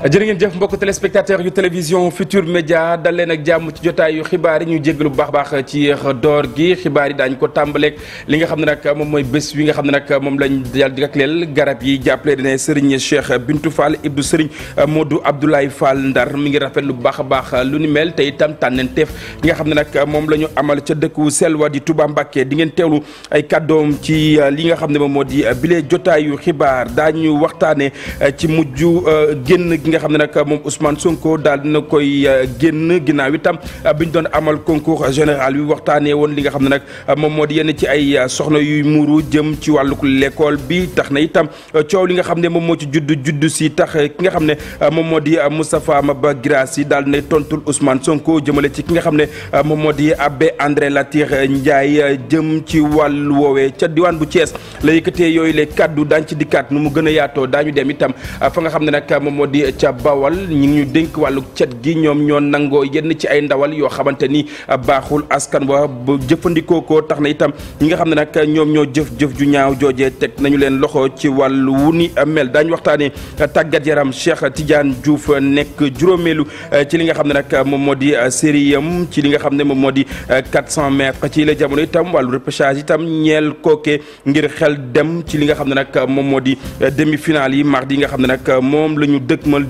jërë ngeen jëf mbokk téléspectateur yu télévision Futur Média dale nag ak jàmm ci jotaayu xibaar yi ñu jégalu bu baax baax ci door gi xibaar yi daañu ko tàmbaleeg li nga xam ne nag moom mooy bés wi nga xam ne nag moom lañ yàlla di jagleel garab yi jàppale dine Serigne Cheikh Bintou Fall ibnu Serigne Modou Abdoulaye Fall Ndar mi ngi rafetlu bu baax a baax lu ni mel te itam nga xam ne nag moom la ñu amal ca dëkk dëkku selwa di tubaa Mbacké di ngeen teewlu ay kàddoom ci li nga xam ne moom moo di bile jotaayu xibaar daañu waxtaane ci mujj euh, génn nga xam ne nag moom Ousmane Sonko daal dina koy euh, génn ginnaaw itam euh, bi ñu doon amal concours général bi waxtaanee woon li nga xam ne nag euh, moom moo di yenn ci ay soxna yuy muuru jëm ci wàllu l'école bi tax na itam coow li nga xam ne moom moo ci judd judd si tax ki nga xam ne moom moo di Moustapha Maba Guirassy daal dinay tontul Ousmane Sonko jëmale ci ki nga xam ne moom moo di Abbé André Latir Ndiaye jëm ci wàllu woowee ca diwaan bu cees la yëkkatee yooyu les kaddu daañ ci dikkaat nu mu gën a yaatoo daañu dem itam fa nga xam ne nag moom moo ca bawal ñi ngi ñu dénk wàllu cet gi ñoom ñoo nangoo yenn ci ay ndawal yoo xamante ni ah, baaxul askan wa bu jëfandikoo ko tax na itam ñi nga xam ne nag ñoom ñoo jëf jëf ju ñaaw joojee teg nañu leen loxo ci wàllu wu ni mel daañu waxtaanee ah, tàggat yaram Cheikh Tidiane Diouf nekk juróomeelu ah, ci li nga xam ne nag moom moo di série am ci li nga xam ne moom moo di 400 mètres ci la jamono itam wàllu repêchage itam ñeel kooke ngir xel dem ci li nga xam ne nag moom moo di demi-finale yi mardi yi nga xam ne nag moom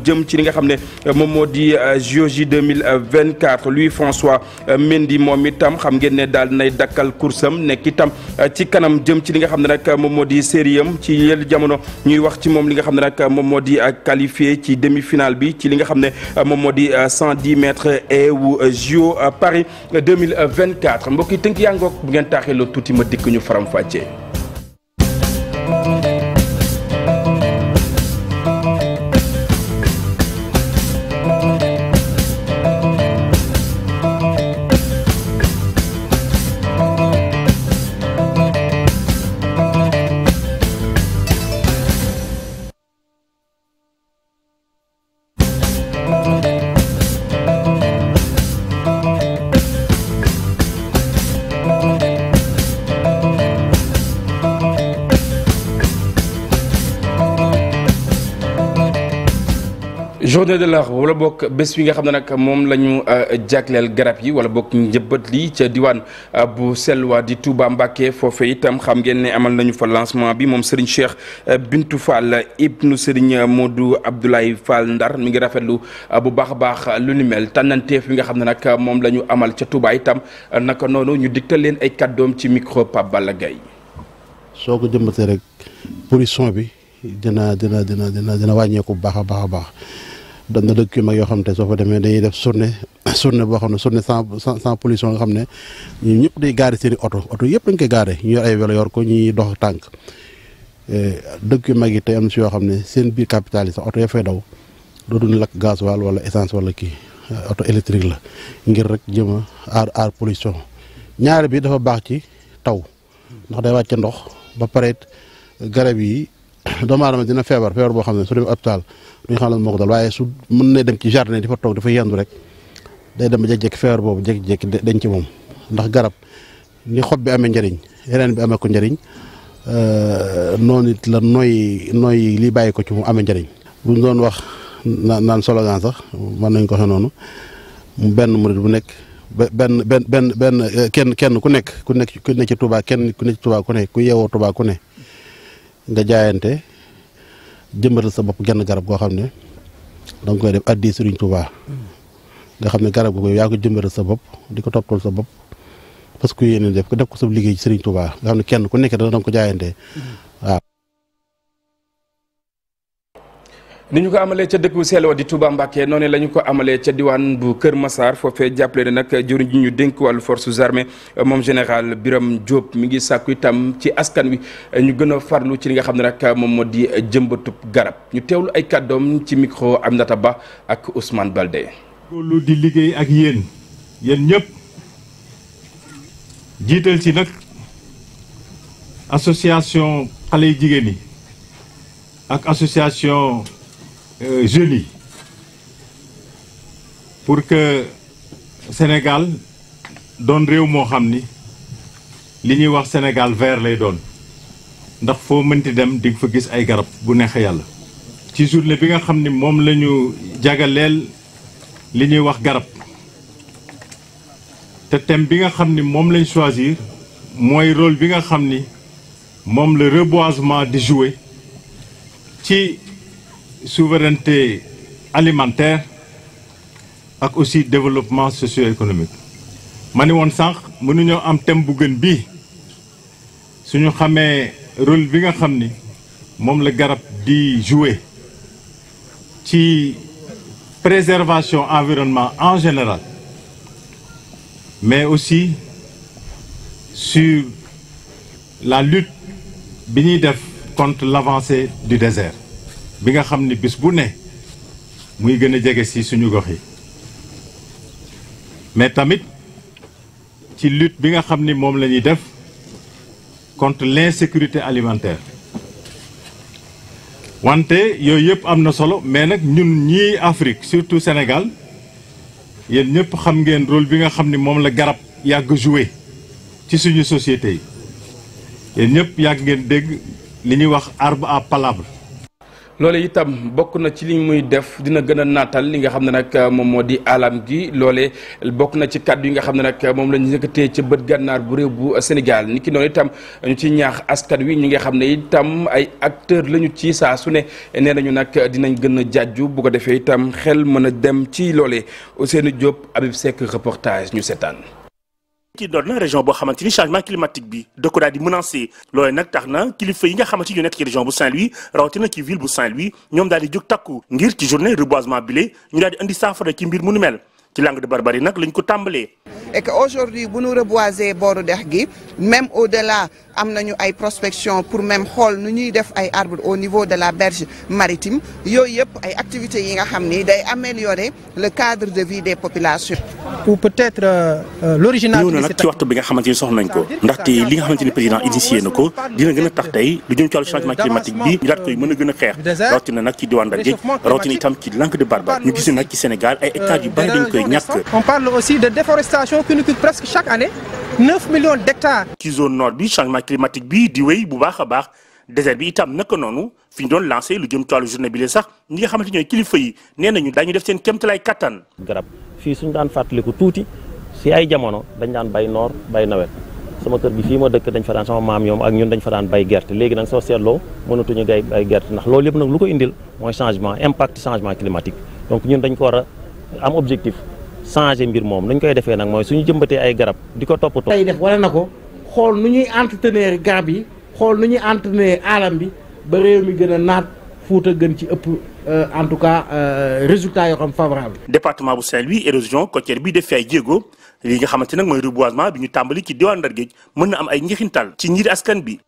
jëm ci li nga xam ne euh, moom moo di euh, mille JOJ 2024 Louis François euh, Mendy moom itam xam ngeen ne daal nay dakkal kursam nekk itam ci kanam jëm ci li nga xam ne nag moom moo di série am ci yël jamono ñuy wax ci moom li nga xam ne nag moom moo di qualifié ci demi-finale bi ci li nga xam ne moom moo di 110 mètres et wu JO Paris 2024 mbokk yi tënk yaa ngoog bu ngeen taaxee loo tuuti ma dikk ñu faram fàccee journée de l'arbre wala boog bés bi nga xam ne nag moom lañu euh, jagleel garab yi wala boog njëbbat li ca diwaan euh, bu selwa di Touba Mbacke foofe itam xam ngeen ne amal nañu fa lancement bi moom Serigne Cheikh euh, Bintou Fall ibnu sëriñ Modou Abdoulaye Fall Ndar mi ngi rafet lu bu baax a baax lu ni mel tànnanteef bi nga xam ne nag moom lañu amal ca Touba itam naka noonu ñu digtal leen ay kàddoom ci micro Pape Balla Gaye soo ko jëmbatee rek pollution bi dina dina dina dina dina wàññeeku bu baax a baax a baax dañ na dëkk yu mag yoo xam te soo fa demee dañuy def journée journée boo xam ne journée sans sans pollution nga xam ne ñu ñëpp day gaare seen i oto oto dañ koy gaare ñu yor ay vélo yor ko eh, mag yi tey si yoo xam ne seen biir capital yi sax oto ya fay daw dootuñu lakk gasoil wala essence wala kii eh, oto électrique la ngir rek jëm a aar aar pollution ñaare bi dafa baax ci taw ndax day wàcce ndox ba pare garab yi. doomu aadama dina feebar feebar boo xam ne su dem hôpital duñu xam lan moo ko dal waaye su mën ne dem ci jardin di fa toog dafa yendu rek day dem ba jékki-jékki feebar boobu jékki-jékki dañ ci moom ndax garab ni xob bi amee njariñ yeneen bi amee ko njëriñ euh, noonu it la nooy nooy li bàyyi ko ci mu amee njariñ buñ doon wax naan slogan sax mën nañ ko waxee noonu benn murid bu nekk benn benn benn benn euh, kenn kenn ku nekk ku nekk ku nekk ci Touba kenn ku nekk ci ku ne ku yeewoo Touba ku ne nga jaayante jëmbatal sa bopp genn garab goo xam ne da nga koy def addi Sëriñ Tuubaa nga xam ne garab googu yaa ko jëmbatal sa bopp di ko toppal sa bopp parce que yéen def ko def ko sa liggéey ci Sëriñ Tuubaa nga xam ne kenn ku nekk da nga ko jaayante ni ñu ko amalee ca dëkk bu di Touba Mbacké noonu la ñu ko amalee ca diwaan bu Kër Massar foofee jàppale nag jëriñ ji ñu dénk wàllu forces armées moom général biram jóob mi ngi sàkku itam ci askan wi ñu gën a farlu ci li nga xam ne nag moom di jëmbatub garab ñu teewlu ay kàddoom ci micro Aminata Ba ak Ousmane Baldé. góorlu di liggéey ak yéen yéen ñëpp jiital ci nag association xale yu jigéen yi ak association. Euh, jeunes pour que Sénégal doon réew moo xam ni li ñuy wax Sénégal vert lay doon ndax foo mënti dem di fa gis ay garab bu neexee yàlla. ci journée bi nga xam ni moom lañu ñu jagaleel li ñuy wax garab te thème bi nga xam ni moom lañ choisir mooy rôle bi nga xam ni moom la reboisement di jouer ci. souveraineté alimentaire ak aussi développement socio-économique ma ni woon sànq mënuñoo am thème bu gën bii suñu xamee rôle bi nga xam ni moom la garab di jouer ci préservation environnement en général mais aussi sur la lutte bi ñuy def contre l'avancée du désert bi nga xam ni bis bu ne muy gën a jege si suñu gox yi mais tamit ci lutte bi nga xam ni moom la ñuy def contre l'insécurité alimentaire wante yooyu yëpp am na solo mais nag ñun ñii Afrique surtout Sénégal yéen ñëpp xam ngeen rôle bi nga xam ni moom la garab yàgg joué ci suñu société yi yéen ñëpp yàgg ngeen dégg li ñuy wax arbu à palabre loole itam bokk na ci li muy def dina gën a naatal li nga xam ne nag moom moo di alam gi loole bokk na ci kàddu yi nga xam ne nag moom lañu yëkkatee ci bët gànnaar bu réew bu Sénégal ni ki noonu itam ñu ci ñaax askan wi ñi nga xam ne itam ay acteur lañu ci saa su ne nee nañu nag dinañ gën a jàjju bu ko defee itam xel mën a dem ci loolee Ousseynou Diop Habib Seck reportage ñu seetaan ci doon na région boo xamante ni changement climatique bi da ko daal di menacé loolee nag tax na kilifa yi nga xamante ñu nekk ci région bu Saint-Louis rawatina ci ville bu Saint-Louis ñoom daal di jóg takku ngir ci journée reboisement bile ñu daal di indi saafara ci mbir mu nu mel ci Langue de Barbarie nag lañ ko tàmbalee. et que aujourd'hui bu ñu reboiser booru dex gi même au-delà am nañu ay prospection pour même xool nu ñuy def ay arbres au niveau de la berge maritime yooyu yëpp ay activités yi nga xam ni day améliorer le cadre de vie des populations. ou peut-être euh, euh, l'original. bi nga xamante ni soxla nañ ko ndaxte li nga xamante ni président initié na ko dina gën tax tey lu jëm ci wàllu changement climatique bi ñu daat koy mën a gën xeex rawatina nag ci diwaan Ndar rawatina itam ci Langue de on cunicule presque chaque année 9 millions d'hectares. ci zone nord bi changement climatique bi di wéy bu baax a baax désert bi itam naka noonu fi ñu doon lancé lu jëm ci wàllu journée bi la sax ñi nga xamante ñooy kilifa yi nee nañu daañu def seen kéemtalaay kattan. garab fii suñu daan fàttaliku tuuti si ay jamono dañ daan bay noor bay nawet sama kër gi fii ma dëkk dañ fa daan sama maam ñoom ak ñun dañ fa daan bay gerte léegi nag soo seetloo mënatuñu gay bay gerte ndax lool yëpp nag lu ko indil mooy changement impact changement climatique donc ñun dañ ko war a am objectif changé mbir moom nañ koy defee nag mooy suñu jëmbatee ay garab di ko topp tey def wala na ko xool nu ñuy entretenir garab yi xool nu ñuy entretenir alam bi ba réew mi gën a naat a gën ci ëpp euh, en tout cas euh, résultat yoo xam favorable. département bu seel louis érosion côtière bi def fi ay jéego li nga xamante nag mooy reboisement bi ñu tàmbali ci diwaan Ndar Géej mën na am ay njeexintal ci ñiiri askan bi.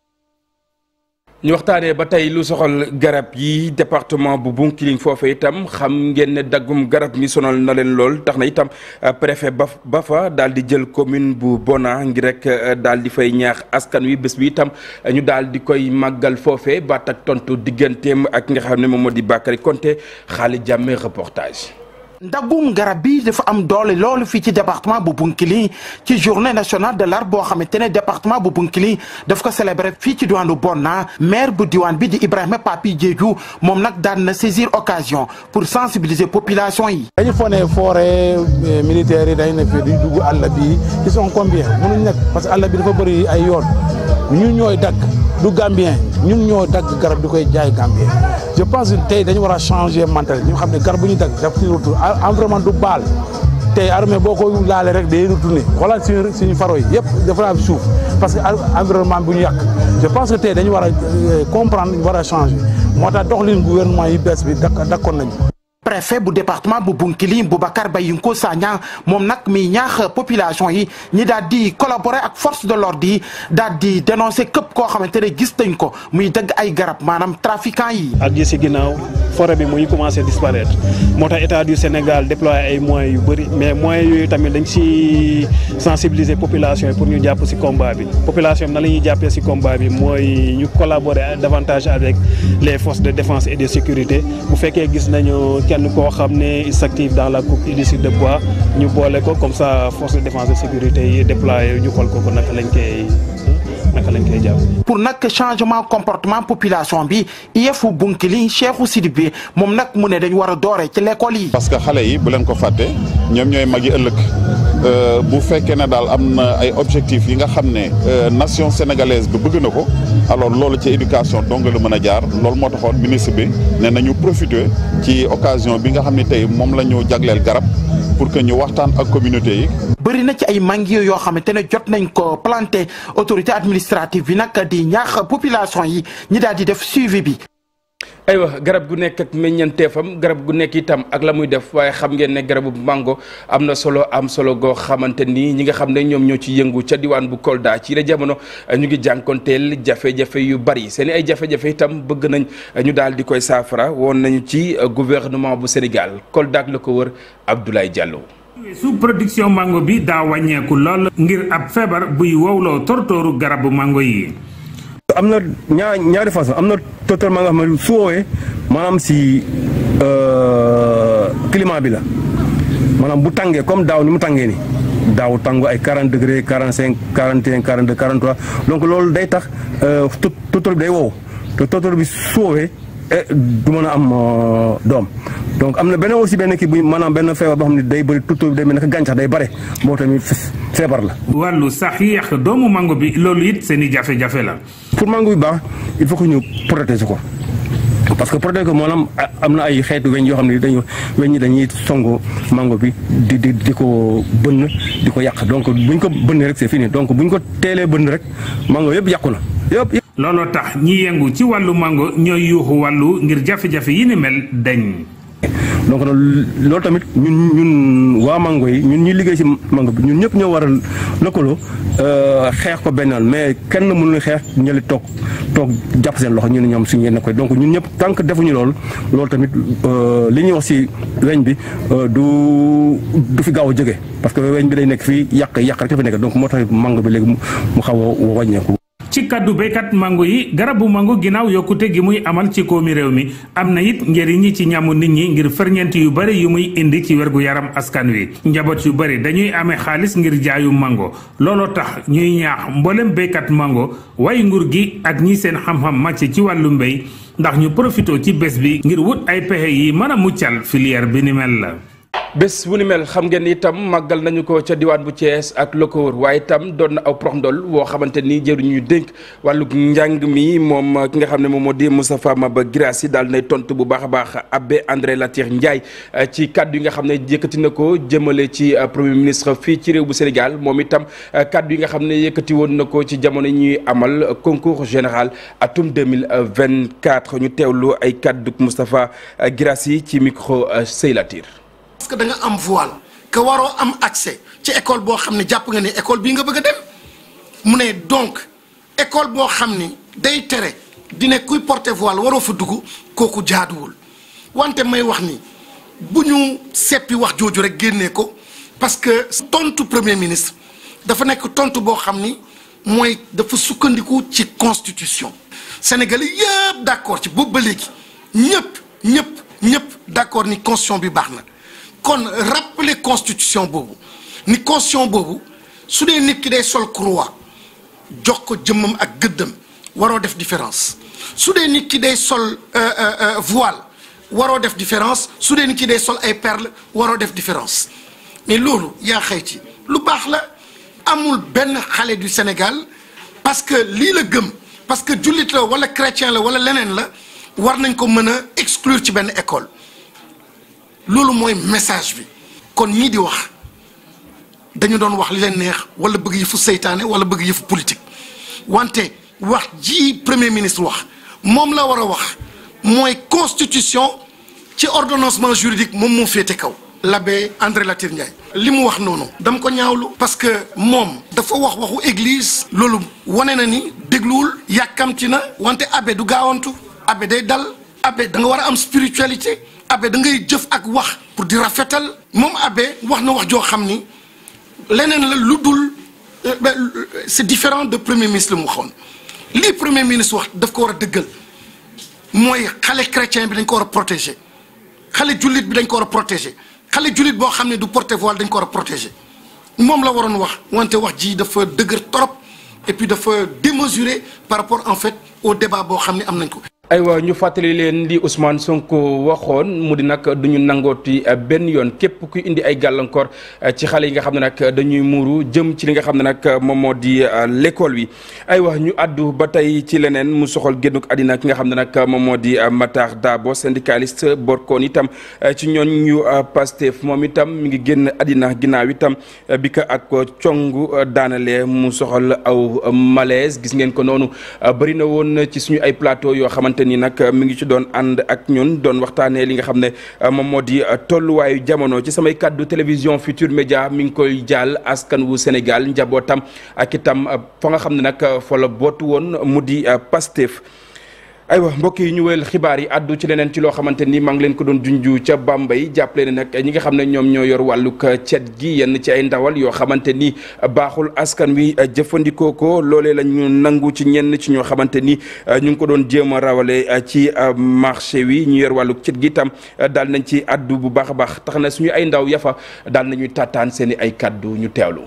ñu waxtaanee ba tey lu soxal garab yi département bu Bounkiling foofee itam xam ngeen ne daggum garab mi sonal na leen lool tax na itam euh, préfet ba ba fa daal di jël commune bu Bona ngi rek euh, daal di fay ñaax askan wi bés bi itam ñu daal di koy màggal foofe baat ak tontu digganteem ak nga xam ne moom moo di Bakary Konté xaali jàmme reportage. ndagum garab bii dafa am doole loolu fii ci département bu Bounkiling ci journée nationale de l'arbre boo xamante ne département bu Bounkiling daf ko célébrer fii ci diwaanu Bonna maire bu diwaan bi di Ibrahima Papi Diédhiou moom nag daan na saisir occasion pour sensibiliser population yi. dañu foog ne forêt eh, militaire yi dañu ne fii di dugg àll bi ils sont combien mënuñ nekk parce que àll bi dafa bëri ay yoon. ñun ñooy dagg du Gambien ñun ñoo dakk garab di koy jaay Gambien je pense tey dañu war changé changer mentalité xam ne garab bu ñu dagg daf ci retour environnement du baal tey armée boo ko laalee rek day retourné xoolal suñu suñu faro yi yëpp dafa am suuf parce que environnement bu ñu yàq je pense que tey dañu war a euh, comprendre war a changer moo tax doxalin gouvernement yi bees bi dakkoon nañ préfet bu département bu Bounkiling Boubacar Bayinko Sagna moom nag mi ñaax population yi ñi daal di collaborer ak force de l'ordre yi daal di dénoncer képp koo xamante ne gis nañ ko muy dëgg ay garab maanaam trafiquant yi. ak yi si ginnaaw forêt bi mu ñu commencé disparaître moo tax état du Sénégal déployé ay moyens yu bëri mais moyens yooyu tamit dañ si sensibiliser population yi pour ñu jàpp si combat bi population bi na la ñuy jàppee si combat bi mooy ñu collaborer davantage avec les forces de de sécurité bu kenn koo xam ne il dans la coupe illicite de bois ñu boole ko comme ça force de sécurité yi déployé ñu xool ko ko naka lañ ke naka lañ koy jàpp. pour nag changement comportement population bi IEF Bounkiling Cheikhou Sidibé moom nag mu ne dañ war a doore ci l'école yi. parce que xale yi bu leen ko fàtte ñoom ñooy mag yi ëllëg. Euh, bu fekkee na daal am na ay objectifs yi nga xam ne euh, nation sénégalaise bi bëgg na ko. alors loolu ci éducation donc la mën a jaar loolu moo taxoon ministre bi ne nañu profiter ci occasion bi nga xam ne tey moom la ñu jagleel garab pour que ñu waxtaan ak communauté yi. bëri na ci ay manguiers yoo xamante ne jot nañ ko planté autorité administrative bi nag di ñaax population yi ñi daal di def suivi bi. aywa garab gu nekk ak meññanteefam garab gu nekk itam ak la muy def waaye xam ngeen ne garabu mango am na solo am solo goo xamante nii ñi nga xam ne ñoom ñoo ci yëngu ca diwaan bu Kolda ci la jamono ñu ngi jànkonteel jafe-jafe yu bari seen ay jafe-jafe itam bëgg nañ ñu daal di koy saafara woon nañu ci euh, gouvernement bu Sénégal Kolda ak la ko wër Abdoulaye Diallo. su production mango bi daa wàññeeku lool ngir ab feebar buy wowloo tortooru garabu mango yi. am na ñaar ñaari façon am na totalement nga xam ne su woowee maanaam si euh, climat bi la maanaam bu tàngee comme daaw ni mu tàngee ni daaw tàngoo ay 40 degré 45 41 42 43 donc loolu day tax euh, total bi day wow te total bi su woowee eh, du mën a am euh, doom donc am na benn aussi benn kii bu maanaam benn feebar boo xam ne day bëri tuutoo day mel ne gàncax day bare boo tamit feebar la. wàllu sax yéex doomu mango bi loolu it seen i jafe-jafe la. pour mango bi baax il faut que ñu protéger ko parce que protéger ko maanaam am na ay xeetu weñ yoo xam ne dañu weñ ñi dañuy songoo mango bi di di di ko bënn di ko yàq donc buñ ko bënn rek c'est fini donc buñ ko teelee bënn rek mango yëpp yàqu na yëpp. looloo tax ñi yëngu ci wàllu mango ñooy yuuxu wàllu ngir jafe-jafe yi ni mel dañ. donc loolu tamit ñun ñun waa mango yi ñun ñuy liggéey ci mango bi ñun ñëpp ñoo war a lëkkaloo euh, xeex ko bennal mais kenn ñu xeex ñëli toog toog jàpp seen loxo ñu ne ñoom suñu yenn koy donc ñun ñëpp tant defuñu loolu loolu tamit euh, li ñuy wax ci weñ bi euh, du du fi gaaw a jóge parce que weñ bi day nekk fii yàq yàq rek dafa nekk donc moo tax mango bi léegi mu xaw a wàññeeku ci kàddu béykat mango yi garabu mango ginnaaw yokkute gi muy amal ci koomi réew mi am na it njëriñ yi ci ñamu nit ñi ngir ferñeent yu bari yu muy indi ci wergu yaram askan wi njaboot yu bari dañuy amee xaalis ngir jaayu mango looloo tax ñuy ñaax mboolem béykat mango way nguur gi ak ñi seen xam-xam màcc ci wàllu mbéy ndax ñu profité ci bés bi ngir wut ay pexe yi mën a muccal filière bi la bés bu ni mel xam ngeen ni itam màggal nañu ko ca diwaan bu Thiès ak la ko wër waaye itam doon na aw proxndol woo xamante ni jëruñu dénk wàllu njàng mi moom ki nga xam ne moom moo di Moustapha Maba Guirassy daal nay tontu bu baax a baax abbé André Latyr Ndiaye eh, ci kaddu yi nga xam ne yëkkati na ko jëmale ci eh, premier ministre fii ci réew bu Sénégal moom itam eh, kaddu yi nga xam ne yëkkati woon na ko ci jamono ñuy amal concours général atum 2024 ñu teewlu ay kaddu Moustapha Guirassy ci micro Sey parce que danga am voile que waroo am accès ci école boo xam ne jàpp nga ne école bii nga bëgg a dem mu ne donc école boo xam ni day tere di ne kuy porter voile waroo fa dugg kooku jaaduwul wante may wax ni bu ñu seppi wax jooju rek génnee ko parce que tontu premier ministre dafa nekk tontu boo xam ni mooy dafa sukkandiku ci constitution sénégalais yëpp d'accord ci boobu ba léegi ñëpp ñëpp ñëpp d'accord ni constitution bi baax na kon rappeler constitution boobu ni constitution boobu su dee nit ki day sol croix jox ko jëmmam ak gëddëm waroo def différence su dee nit ki day sol euh, euh, euh, voile waroo def différence su dee nit ki sol ay perles waroo def différence mais loolu yaa ci lu baax la amul benn xale du Sénégal parce que lii la gëm parce que jullit la wala chrétien la wala leneen la war nañ ko mën a exclure ci benn école loolu mooy message bi kon ñii di wax dañu doon wax li leen neex wala bëgg yi fu seytaane wala bëgg yëfu politique wante wax ji premier ministre wax moom la war a wax mooy constitution ci ordonnancement juridique moom moo féete kaw. l'abbé André Latyr Ndiaye. li mu wax noonu. dama ko ñaawlu. parce que moom. dafa wax waxu église. loolu wane na ni dégluwul. yàkkamti na wante abe du gaawantu. abbé day dal. abbé da nga war a am spiritualité. abbé da ngay jëf ak wax pour di rafetal moom abbé wax na wax joo xam ni leneen la lu dul euh, euh, c'est différent de premier ministre mu waxoon lii premier ministre wax daf ko war a dëggal mooy xale chrétien bi dañ ko war a protéger xale jullit bi dañ ko war a protéger xale jullit boo xam ne du porter voile dañ ko war a protéger moom la waroon wax wante wax ji dafa dëgër trop et puis dafa démesuré par rapport en fait au débat boo xam ne am nañ ko aywa ñu fàttali leen li Ousmane Sonko waxoon mu di nag duñu nangooti benn yoon képp ku indi ay gàllankoor eh, ci xale yi nga xam ne nag dañuy muuru jëm ci li nga xam ne nag moom moo di eh, l'école wi aywa ñu addu ba tey ci leneen mu soxal génn ko àddina ki nga xam ne nag moom moo di eh, Matar Dabo syndicaliste borkoon itam ci ñoon ñu Pastef moom itam mu ngi génn àddina ginnaaw itam bi ko ak cong daanalee mu soxal aw malaise gis ngeen ko noonu bëri na woon ci suñu nii ni nag mi ngi ci doon ànd ak ñun doon waxtaanee li nga xam ne euh, moom moo di euh, tolluwaayu jamono ci samay kàddu télévision Futur Média mi ngi koy jaal askan wu Sénégal njabootam ak itam euh, fa nga xam ne nag fa la bootu woon mu di Pastef aywa mbokk yi ñu wéyal xibaar yi àddu ci leneen ci loo xamante ni maa ngi leen ko doon junju ca Bambey jàppale ne nag ñi nga xam ne ñoom ñoo yor wàllug cet gi yenn ci ay ndawal yoo xamante ni baaxul askan wi jëfandikoo ko loolee la ñu nangu ci ñenn ci ñoo xamante ni ñu ngi ko doon jéem a rawale uh, ci uh, marché wi ñu yor wàllug cet gi tam uh, daal nañ ci àddu bu baax a baax tax na suñu ay ndaw yafa daal nañuy tataan seen i ay kàddu ñu teelu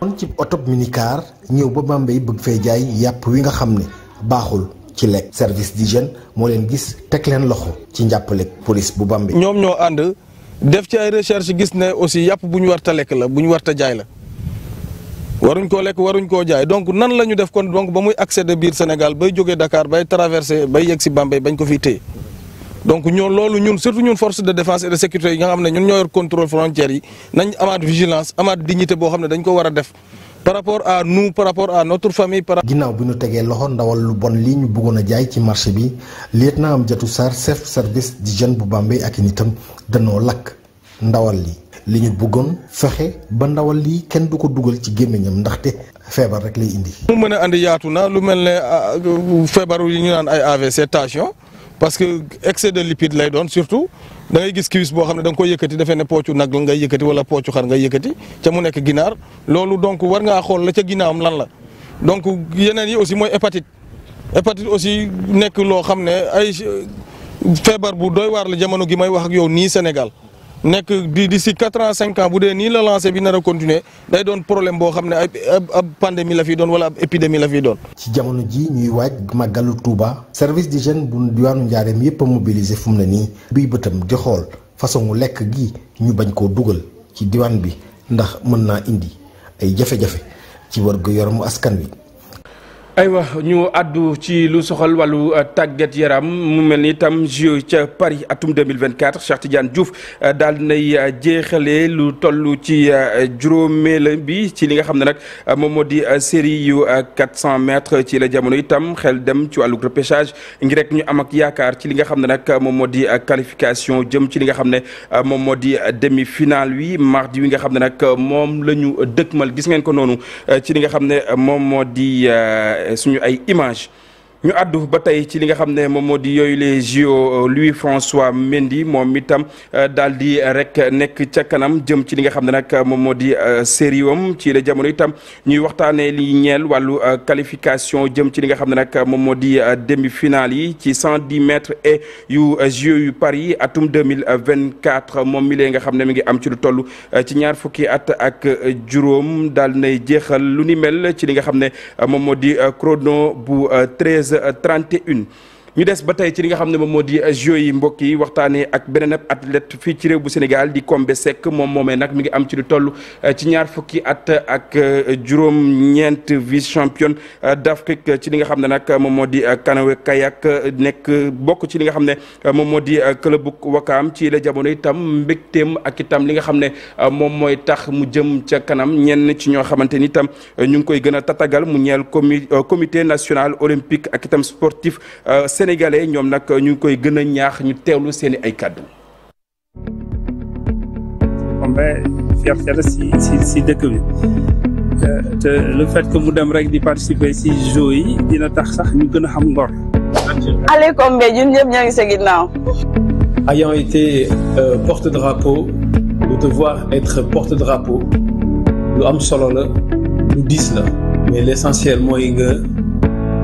kon ci oto minicar ñëw ba Bambey bëgg fee jaay yàpp wi nga xam ne baaxul. ci lekk service d'hygiène moo leen gis teg leen loxo ci njàppale police bu Bambey. ñoom ñoo ànd def ci ay recherche gis ne aussi yàpp bu ñu war ta lekk la bu ñu war ta jaay la waruñ koo lekk waruñ koo jaay donc nan la ñu def kon donc ba muy accéder biir Sénégal bay jógee dakaar bay traversé bay yegg si Bambey bañ ko fiy téye donc loolu ñun surtout ñun force de défense et de sécurité yi nga xam ne ñun ñoo yor contrôle frontière yi nañ amaat vigilance amaat dignité boo xam ne dañ ko war a def. par rapport à nous par rapport à notre famille. ginnaaw bi ñu tegee loxo ndawal lu bon lii ñu bëggoon a jaay ci marché bi lieutenant Amdiatou Sarr chef service di jeune bu Bambey ak i nitam danoo lakk ndawal li li ñu bëggoon fexe ba ndawal lii kenn du ko dugal ci gémmiñam ndaxte feebar rek lay indi. mu mën a andi yaatu na lu mel ne ah, ah, feebaru yi ñu naan ay AVC tension parce que excès de lipide lay doon surtout. dangay gis kiwis boo xam ne danga nga koy yëkkati defee ne poocu nag la ngay yëkkati wala poocu xar ngay yëkkati ca mu nekk ginaar loolu donc war ngaa xool la ca ginnaawam lan la donc yeneen yi aussi mooy hépatite hépatite aussi nekk loo xam ne ay feebar bu dooy waar la jamono gi may wax ak yow nii Sénégal nekk di d'ici quatre ans cinq ans bu dee nii la lancé bi nar a continuer day doon problème boo xam ne ab pandémie la fiy doon wala ab épidémie la fiy doon. ci jamono ji ñuy waaj màggalu Touba. service d'hygiène bu diwaanu Njaareem yépp a mobilisé fu mu ne nii. bii bëtam di xool façon lekk gi ñu bañ koo dugal ci diwaan bi ndax mën naa indi ay jafe-jafe ci wër gu yaramu askan wi. aywa ñu àddu ci lu soxal wàllu euh, tàggat yaram mu mel ni itam jeu ca Paris atum 2024 Cheikh juf Diouf euh, daal nay euh, jeexalee lu toll ci juróom juróomeela bi ci li nga xam ne nag moom moo di série yu 400 mètres ci la jamono itam xel dem ci wàllu repêchage ngir rek ñu am ak yaakaar ci li nga xam ne nag moom moo di qualification jëm ci li nga xam ne moom moo di demi final wi mardi wi nga xam ne nag moom la ñu dëkkmal gis ngeen ko noonu ci li nga xam ne moom moo di suñu ay image ñu àddu ba tey ci li nga xam ne moom moo di yooyu les JO euh, Louis François Mendy moom itam euh, daal di rek nekk ca kanam jëm ci li nga xam ne nag moom moo di euh, sériwam ci la jamono itam ñuy waxtaanee li ñeel wàllu qualification jëm ci li nga xam ne nag moom moo di demi-finale yi ci cent dix mètres et yu JO yu Paris atum deux mille vingt quatre moom mi lee nga xam ne mi ngi am ci lu toll ci ñaar fukki at ak juróom daal nay jeexal lu ni mel ci li nga xam ne moom moo di chrono bu treize 16 31 euh, ñu des ba tey ci li nga xam ne moom moo di yi mbokk yi waxtaanee ak beneen ab athlète fii ci bu Sénégal di Combé Seck moom moomee nag mi ngi am ci lu toll euh, ci ñaar fukki at ak euh, juróom-ñeent vice championne euh, d'Afrique ci li nga xam ne nag moom moo di canoë kayak nekk bokk ci li nga xam ne moom moo di club bu Wakaam ci la jamono itam mbégteem ak itam li nga xam ne moom mooy tax mu jëm ca kanam ñenn ci ñoo xamante ni itam ñu ngi koy gën a tatagal mu ñeel comité national olympique ak itam sportif sénégalais ñoom nag ñu ngi koy gën a ñaax ñu teewlu seen i ay kàddu. si si dëkk bi euh, le fait que mu dem rek di participer si jeux yi dina tax sax ñu gën a xam ngor. aleykum be ñun ñëpp ñoo ngi sa ginnaaw. été euh, porte-drapeau de devoir être porte-drapeau lu am solo la lu diis la mais l'essentiel mooy nga.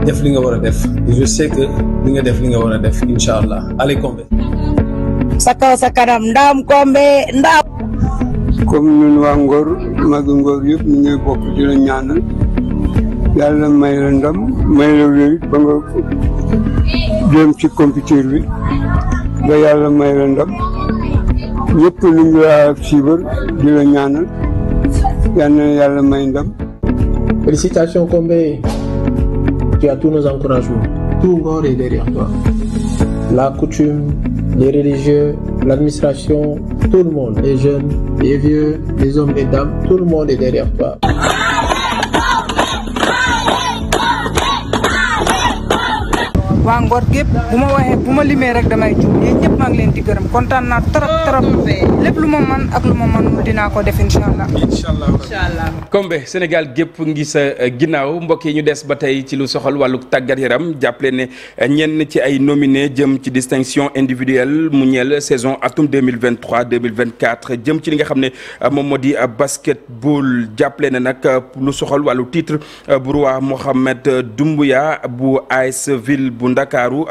def li nga war a def je sais def li nga war a def incha allah allez Combé sa kaw sa kanam ndaam Combé ndaam comme ñun waa Ngor magi di la ñaanal yàlla may la ba nga jëm ci computer bi ba yàlla may la ndam ñëpp di la ñaanal yal na yàlla may ndam félicitations tu as tous nos encouragements. Tout bord est derrière toi. La coutume, les religieux, l'administration, tout le monde, les jeunes, les vieux, les hommes et dames, tout le monde est derrière toi. waa Ngor gépp bu ma bu ma limee rek damay jub yéen ñëpp leen di gërëm kontaan naa trop dinaa ko def incha allah. incha allah incha Sénégal gépp ngi sa eh, ginnaaw mbokk yi ñu des ba tey ci lu soxal wàllu tàggat yaram jàppale ne eh, ñenn ci ay nominé jëm ci distinction individuelle mu ñeel saison atum 2023 2024 jëm ci li nga xam ne eh, moom moo di basketball jàppale ne nag lu soxal wàllu titre bu roi Mohamed bu AS Ville bu Ndar ndakaaru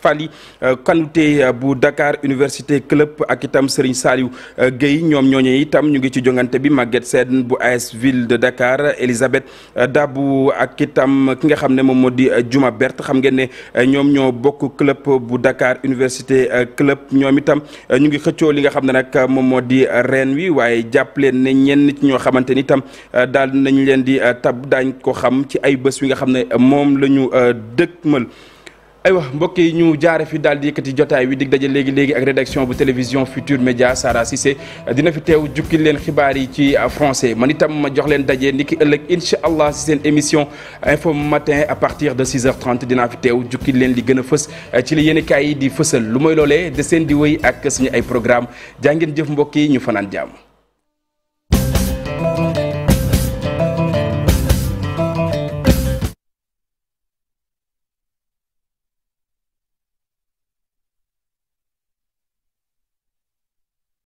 Fally euh, Kanouté euh, bu Dakar Université Club ak itam Serigne Saliou euh, Gueye ñoom ñooñu itam ñu ngi ci jongante bi Maguette Sène bu AS Ville de Dakar Elisabeth Dabou ak itam ki nga xam ne moom moo di Juma Bert xam ngeen ne ñoom ñoo bokk club bu Dakar Université Club ñoom itam ñu ngi xëccoo li nga xam ne nag moom moo di reen wi waaye jàpp leen ne ñenn ci ñoo xamante ni itam daal nañu leen di tab daañ ko xam ci ay bés wi nga xam ne moom la ñu dëkkmal aywa mbokk yi ñu jaare fi daal di yëkkati jotaay wi dig daje léegi léegi ak rédaction bu télévision Futur Média Sara Cissé dina fi teew jukki leen xibaar yi ci français man itam ma jox leen daje ni ki ëllëg incha allah si seen émission info matin à partir de 6h30 fi teew jukki leen li gën a fës eh, ci li yéen kaay yi di fësal lu mooy loolee de seen di wéy ak suñu ay programme jaa ngeen jëf mbokk yi ñu fanaan jàmm.